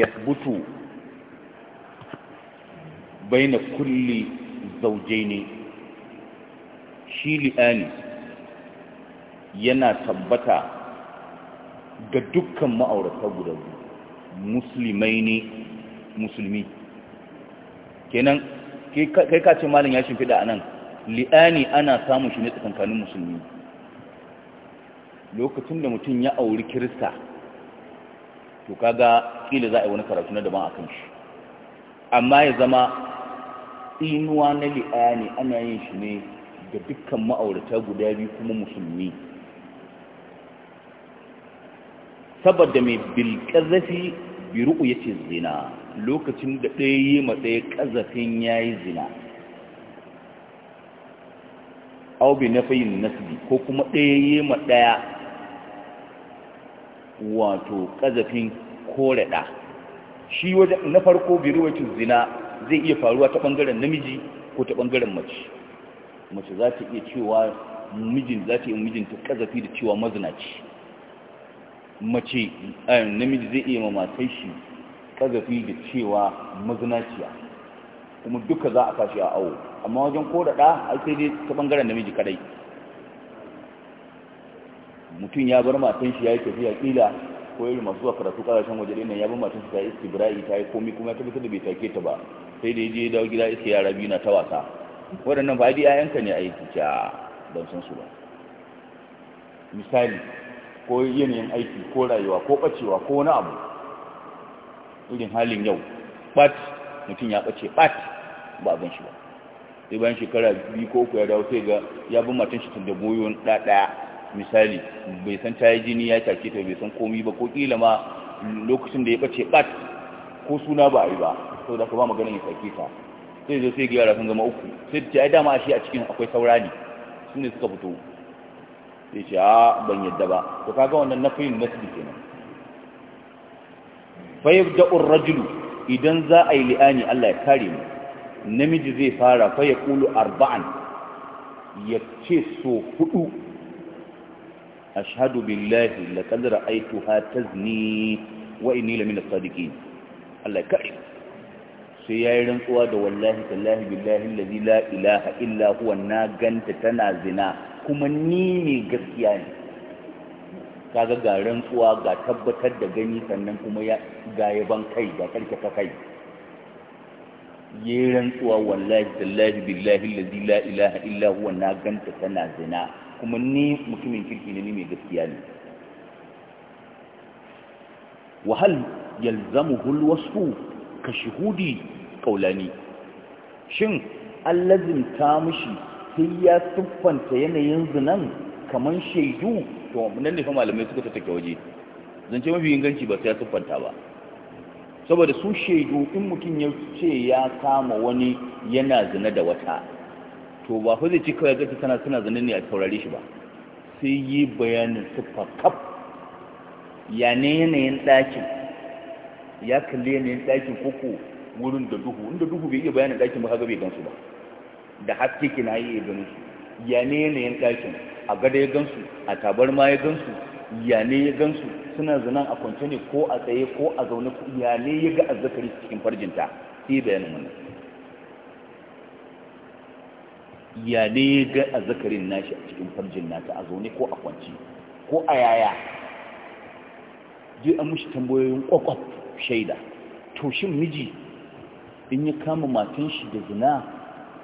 yathbutu baina kulli zawjaini shi li'ani yana tabbata ga dukkan ma'aurata guda musulmai ne musulmi kenan kai ka ce malin ya shimfiɗa a nan li'ani ana samun shi ne tsakankanin musulmi lokacin da mutum ya auri kirista to kaga kila za a yi wani karatu na daban akan shi amma ya zama inuwa na li'ani ana yin shi ne ga dukkan ma'aurata guda biyu kuma musulmi saboda mai bilkazafi biru'u ya ce zina lokacin da ɗaya yi ma ɗaya ƙazafin ya yi zina au bi na fayin nasbi ko kuma ɗaya yi ma ɗaya wato ƙazafin kore shi wajen na farko biruwacin zina zai iya faruwa ta ɓangaren namiji ko ta ɓangaren mace mace za ta iya cewa mijin za ta iya mijinta ƙazafi da cewa mazinaci mace eh, namiji zai iya mamatai shi ƙazafi da cewa mazinaciya kuma duka za a kashi a awo amma wajen koreɗa, a sai dai ta ɓangaren namiji kadai mutum ya bar matan shi ya yi tafiya kila ko irin masu zuwa karatu kasashen waje nan ya bar matan shi ta yi istibra'i ta yi komai, kuma ya tabbatar da bai take ta ba sai da ya je dawo gida iske yara biyu na ta wasa waɗannan ba dai ayyanka ne aiki, ta kica san su ba misali ko yanayin aiki ko rayuwa ko ɓacewa ko wani abu irin halin yau bat mutum ya ɓace bat ba gan shi ba sai bayan shekara biyu ko uku ya dawo sai ga ya bi matan shi tun da goyon ɗaya-ɗaya. misali bai san ta yi jini ya take ta bai san komi ba ko kila ma lokacin da ya bace bat ko suna ba a yi ba sau da ka ba maganin ya take ta sai zo sai ga sun zama uku sai ta ce ai dama shi a cikin akwai saurani su ne suka fito sai ce a ban yadda ba to kaga wannan nafiyin nasbi kenan fa yabda'u ar-rajulu idan za a yi li'ani Allah ya kare mu namiji zai fara fa ya kulu arba'an ya ce so hudu ashhadu billahi laqad ra'aytuha tazni wa inni lamin as-sadiqin Allah kai sai ya yi rantsuwa da wallahi tallahi billahi allazi la ilaha illa huwa na ganta tana zina kuma ni ne gaskiya ne kaga ga rantsuwa ga tabbatar da gani sannan kuma ya ga yaban kai ga karkata kai yi rantsuwa wallahi tallahi billahi allazi la ilaha illa huwa na ganta tana zina kuma ni mutumin kirki ne ni mai gaskiya ne wahal hul wasu ka shuhudi kaulani shin an lazimta mishi sai ya siffanta yanayin zinan kaman shaidu to nan ne fa malamai suka tattake waje zance mafi inganci ba sai ya siffanta ba saboda su shaidu in mutum ya ce ya kama wani yana zina da wata to ba fa zai ci kawai gaci tana suna zanen ne a taurari shi ba sai yi bayanin siffa kaf ya ne yanayin ɗakin ya kalli yanayin ɗakin koko wurin da duhu inda duhu bai iya bayanin ɗakin ba kaga bai gansu ba da haske kina iya ganin su ya ne yanayin ɗakin a gada ya gansu a tabar ma ya gansu ya ne ya gansu suna zanen a kwance ne ko a tsaye ko a zaune ya ne ya ga azzakari cikin farjinta sai bayanin wannan ya ne ga azzakarin nashi a cikin farjin nata a zaune ko a kwanci ko a yaya Jiya an mushi tambayoyin kwakwaf shaida to shin miji in ya kama matan shi da zina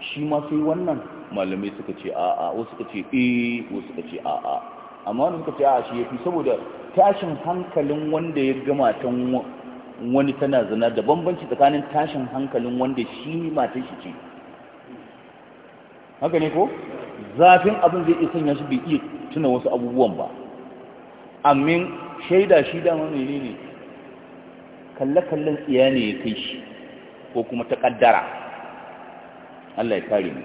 shi ma sai wannan malamai suka ce a'a wasu suka ce eh wasu suka ce A. amma wani suka ce a, shi yafi saboda tashin hankalin wanda ya ga matan wani tana zina da bambanci tsakanin tashin hankalin wanda shi matan shi ce haka ne ko zafin abin zai iya sanya shi bai iya tuna wasu abubuwan ba amin shaida shi da wani ne ne. kalle-kallen tsiya ne ya kai shi ko kuma ta kaddara Allah ya kare ne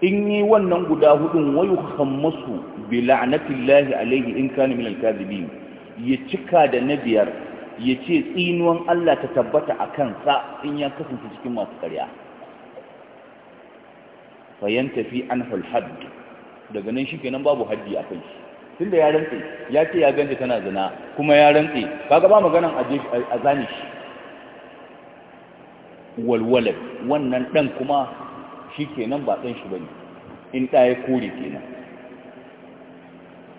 in yi wannan guda hudun wayu khammasu bi la'natillahi alaihi in kana min kazibi ya cika da na biyar ya ce tsinuwan Allah ta tabbata a kansa in ya kasance cikin masu ƙarya fayan tafi an hulhad daga nan shi kenan babu haddi a kai tun da ya rantse ya ce ya ganta tana zina kuma ya rantse kaga ba maganan a zane shi walwalar wannan dan kuma shi kenan ba ɗan shi ba ne in ɗaya kore kenan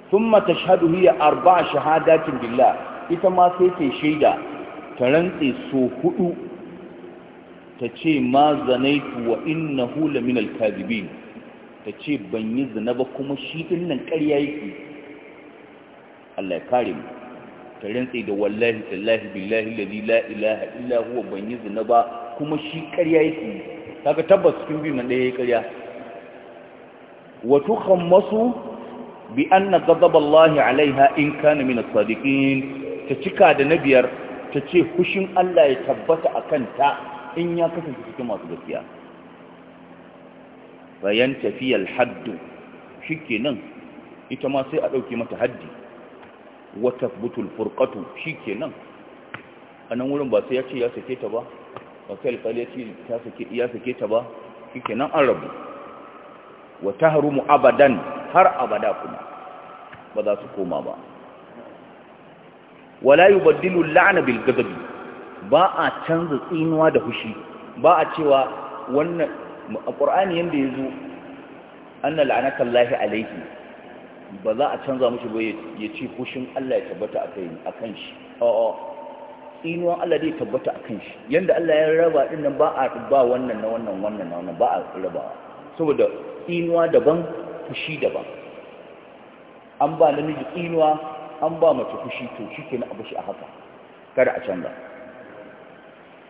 sun mata shahadu hiya arba shahadatin billah ita ma sai ta shaida ta rantse so hudu ta ce ma zanaitu wa hula min kadhibin ta ce ban yi zana ba kuma shi din nan ƙarya yake Allah ya kare mu ta rantsi da wallahi tallahi billahi alladhi la ilaha illa huwa ban yi zana ba kuma shi ƙarya yake ga tabbas cikin biyu nan ɗaya ya ƙarya wa tukhammasu bi na ghadab Allah alaiha in kana min as-sadiqin ta cika da na biyar. ta ce fushin Allah ya tabbata akan ta in ya kasance cikin masu gaskiya bayan tafiyar haddu shikenan ita ma sai a ɗauki mata haddi wata butul furqatu shikenan a nan wurin ba sai ya ce ya sake ta ba ba sai alƙali ya ce ya sake ta ba shikenan an rabu wa tahrumu abadan har abada kuma ba za su koma ba wala yubaddilu baddilu bil ghadab ba a canza tsinuwa da hushi ba a cewa wannan a ƙur'ani yadda ya zo an na la'anakan lahi alaihi ba za a canza mushi ba ya ce hushin Allah ya tabbata a kan shi a'a tsinuwan Allah zai tabbata a kan shi yadda Allah ya raba ɗin nan ba a ba wannan na wannan wannan na wannan ba a rabawa saboda tsinuwa daban fushi daban an ba namiji tsinuwa an ba mace fushi to shi ke na abu shi a haka kada a canza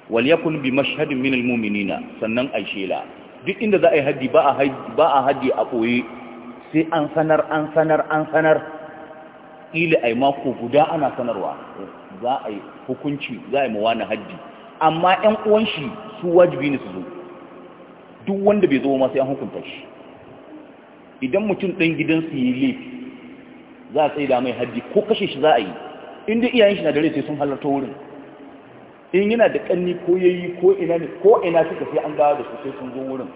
walyakun bi mashhadin min almu'minina sannan ai shela duk inda za a yi haddi ba a ba a koyi sai an sanar an sanar an sanar ila ai mako guda ana sanarwa za a yi hukunci za a yi mawana haddi amma ɗan uwan shi su wajibi ne su zo duk wanda bai zo ma sai an hukunta shi idan mutum ɗan gidansu yi laifi za a tsaye da mai haddi ko kashe shi za a yi inda iyayen shi na dare sai sun halarta wurin in yana da ƙanni ko yayi ko ina ne ko ina suka sai an gawa da su sai sun zo wurin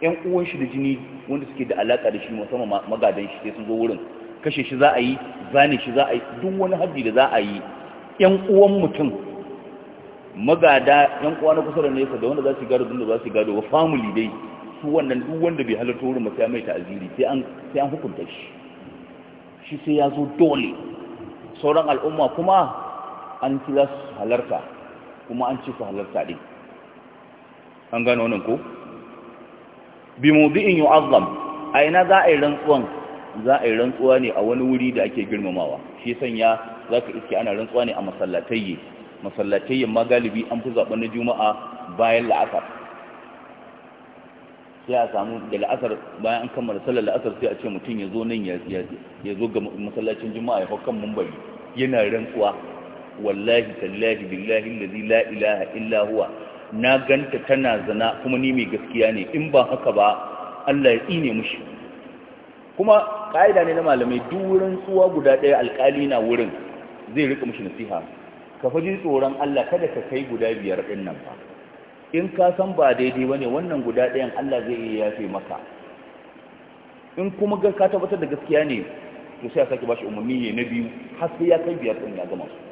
yan uwan shi da jini wanda suke da alaka da shi musamman magadan shi sai sun zo wurin kashe shi za a yi zane shi za a yi duk wani haddi da za a yi yan uwan mutum magada yan uwa na kusa da nesa da wanda za su gado da za su gado wa family dai su wannan duk wanda bai halarta wurin sai mai ta'aziri sai an sai an hukunta shi shi sai ya zo dole sauran al'umma kuma an kila su halarta kuma an ci su halarta din an gano wannan ko bi mawdi'in yu'azzam a ina za a yi rantsuwan za a yi rantsuwa ne a wani wuri da ake girmamawa shi sanya zaka iske ana rantsuwa ne a masallatayye. Masallatayyen ma galibi an fi zaben na juma'a bayan la'asar sai a samu da la'asar bayan an kammala sallar la'asar sai a ce mutum ya zo nan ya zo ga masallacin juma'a ya hau kan mumbari yana rantsuwa wallahi tallahi billahi allazi la ilaha illa huwa na ganta tana zina kuma ni mai gaskiya ne in ba haka ba Allah ya tsine mushi kuma ka'ida ne na malamai duk wurin tsuwa guda ɗaya alkali na wurin zai rika mushi nasiha ka faji tsoron Allah kada ka kai guda biyar ɗin nan ba in ka san ba daidai ba ne wannan guda ɗayan Allah zai iya yafe maka in kuma ga ka tabbatar da gaskiya ne to sai a sake bashi umarni ne na biyu har sai ya kai biyar ɗin ya gama su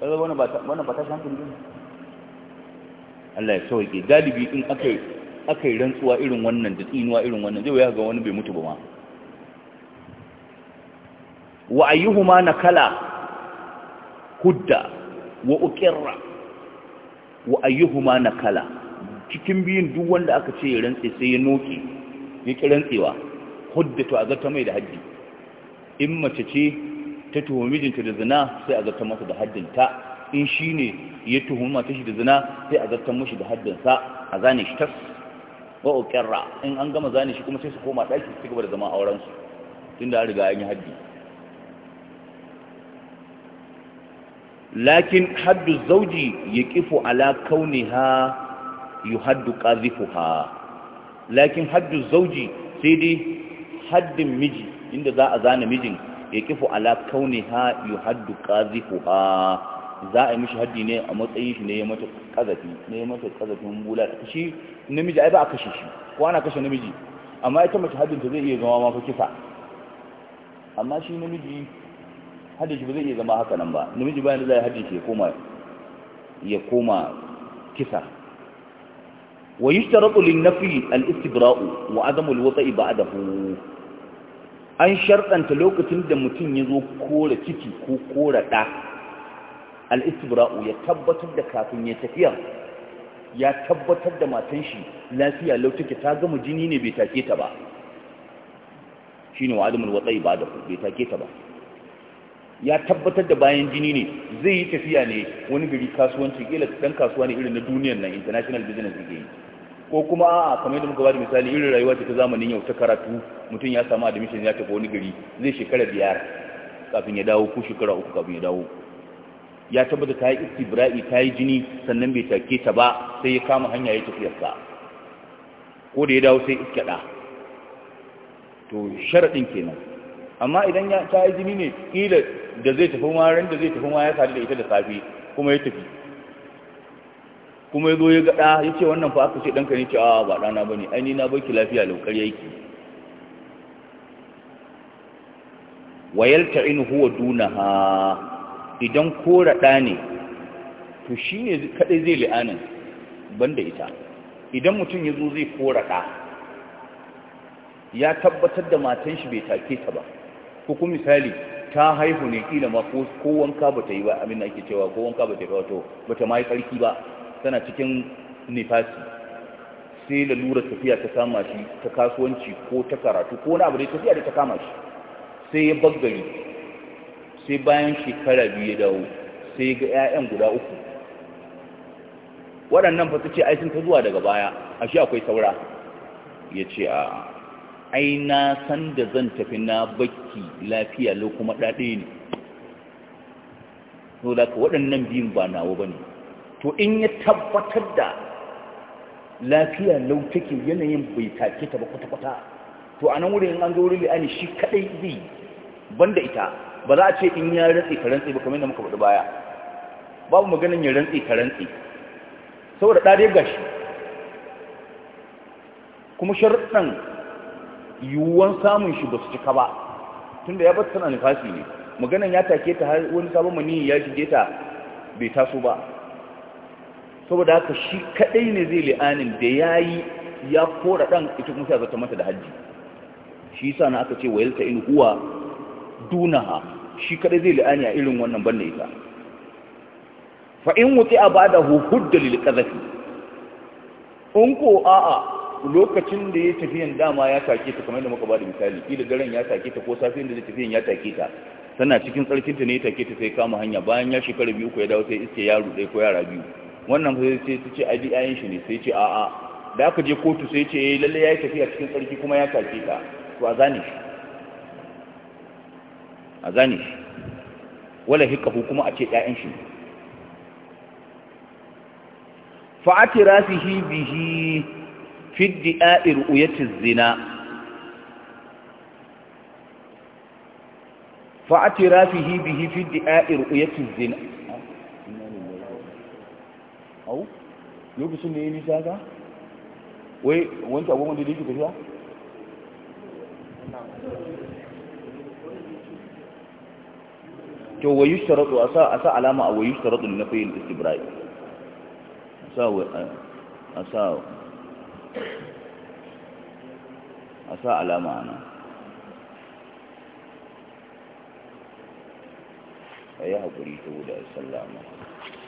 kaga wannan ba wannan ba ta hankali ne Allah ya sauke galibi in akai akai rantsuwa irin wannan da tsinuwa irin wannan zai wuya ga wani bai mutu ba ma wa ayyuhuma nakala hudda wa uqirra wa ayyuhuma nakala cikin biyun duk wanda aka ce ya rantse sai ya noke ya ki rantsewa hudda to a zata mai da haddi in mace ce ta tuhumi mijinta da zina sai a zartar masa da haddinta in shi ne ya tuhumi mata shi da zina sai a zartar mashi da haddinsa a zane shi tas wa ukirra in an gama zane shi kuma sai su koma ɗaki su gaba da zama auren su tunda an riga an yi haddi lakin haddu zauji ya kifo ala kauniha ƙazifu qazifuha lakin haddu zauji sai dai haddin miji inda za a zana mijin yaqifu ala kauniha ƙazifu ha, za a yi mishi haddi ne a matsayin shi ne ya mata ƙazafi, ne ya mata kazafin bula shi namiji ai ba a kashe shi ko ana kashe namiji amma ita mace haddinta zai iya zama mafi kisa amma shi namiji haddin shi ba zai iya zama haka nan ba namiji bayan da yi haddin shi ya koma ya koma kisa wa yushtaratu lin nafi al istibra'u wa adamu al wata'i ba'dahu an sharɗanta lokacin da mutum ya zo kora ciki ko kora ɗa al'istibra'u ya tabbatar da kafin ya tafiya ya tabbatar da matan shi lafiya lau ke ta gama jini ne bai take ta ba shi ne wa adamun watsai ba da bai take ta ba ya tabbatar da bayan jini ne zai yi tafiya ne wani gari kasuwanci ƙila ɗan kasuwa ne irin na duniyar nan international business ne yi ko kuma a'a kamar yadda muka bada misali irin rayuwa ce ta zamanin yau ta karatu mutum ya samu admission ya tafi wani gari zai shekara biyar kafin ya dawo ko shekara uku kafin ya dawo ya tabbata ta yi istibra'i ta yi jini sannan bai take ta ba sai ya kama hanya ya tafi yasa ko da ya dawo sai iska da to sharaɗin kenan amma idan ya ta yi jini ne kila da zai tafi ma ran da zai tafi ma ya sadu da ita da safe kuma ya tafi kuma ya zo ya ga ɗa ya ce wannan fa aka ce ɗanka ne ce a ba ɗana ba ne aini na baki lafiya laukar yaki wayar in huwa duna ha idan kora ɗa ne to shi ne kaɗai zai li'anin banda ita idan mutum ya zo zai kora ɗa ya tabbatar da matan shi bai take ta ba ko kuma misali ta haihu ne kila ma ko wanka ba ta yi ba abin da ake cewa ko wanka ba ta yi ba to ba ta ma yi ƙarfi ba tana cikin nifasi sai lura tafiya ta kama shi ta kasuwanci ko ta karatu ko wani abu da tafiya da ta kama shi sai ya baggari sai bayan shekara biyu ya dawo sai ya ga 'ya'yan guda uku waɗannan fa ce ai ta zuwa daga baya a shi akwai saura ya ce a ai na san da zan tafi na bakki lafiya lo kuma ɗaɗe ne so da waɗannan biyun ba nawa ba ne to in ya tabbatar da lafiya lau ke yanayin bai take ta ba kwata-kwata to a nan wurin an zo li'ani shi kadai zai banda ita ba za a ce in ya rantsi ka rantsi ba kamar yadda muka faɗi baya babu maganin ya rantsi ka rantsi saboda ɗare shi. kuma sharuɗan yiwuwan samun shi ba su cika ba tunda ya bata sana nufasi ne maganan ya take ta har wani sabon mani ya shige ta bai taso ba saboda haka shi kadai ne zai li'anin da ya yi ya kora ɗan ita kuma sai zata mata da hajji. shi sa na aka ce wa yalta in huwa dunaha shi kadai zai li'ani a irin wannan banda ita fa in wuti abadahu da lil qadhafi in ko a'a lokacin da ya tafiyan dama ya take ta kamar da muka da misali kila daren ya take ta ko safiyan da tafiyan ya take ta tana cikin tsarkinta ne ya take ta sai kama hanya bayan ya shekara biyu ko ya dawo sai iske yaro ɗaya ko yara biyu wannan sai sai ta ce ai ayin shi ne sai ce a'a da aka je kotu sai ce eh lalle yayi tafiya cikin tsarki kuma ya kace ka to a zane shi a zane shi wala hikahu kuma a ce ƴaƴan shi fa atirafihi bihi fi di'a'ir uyati zina fa atirafihi bihi fi di'a'ir uyati zina au lokacin da ya nisa haka wai wanke agogon da yake tafiya to wa yushtaratu asa asa alama a wa yushtaratu na fayin istibrai asa wa asa asa alama ana ayi hakuri to da sallama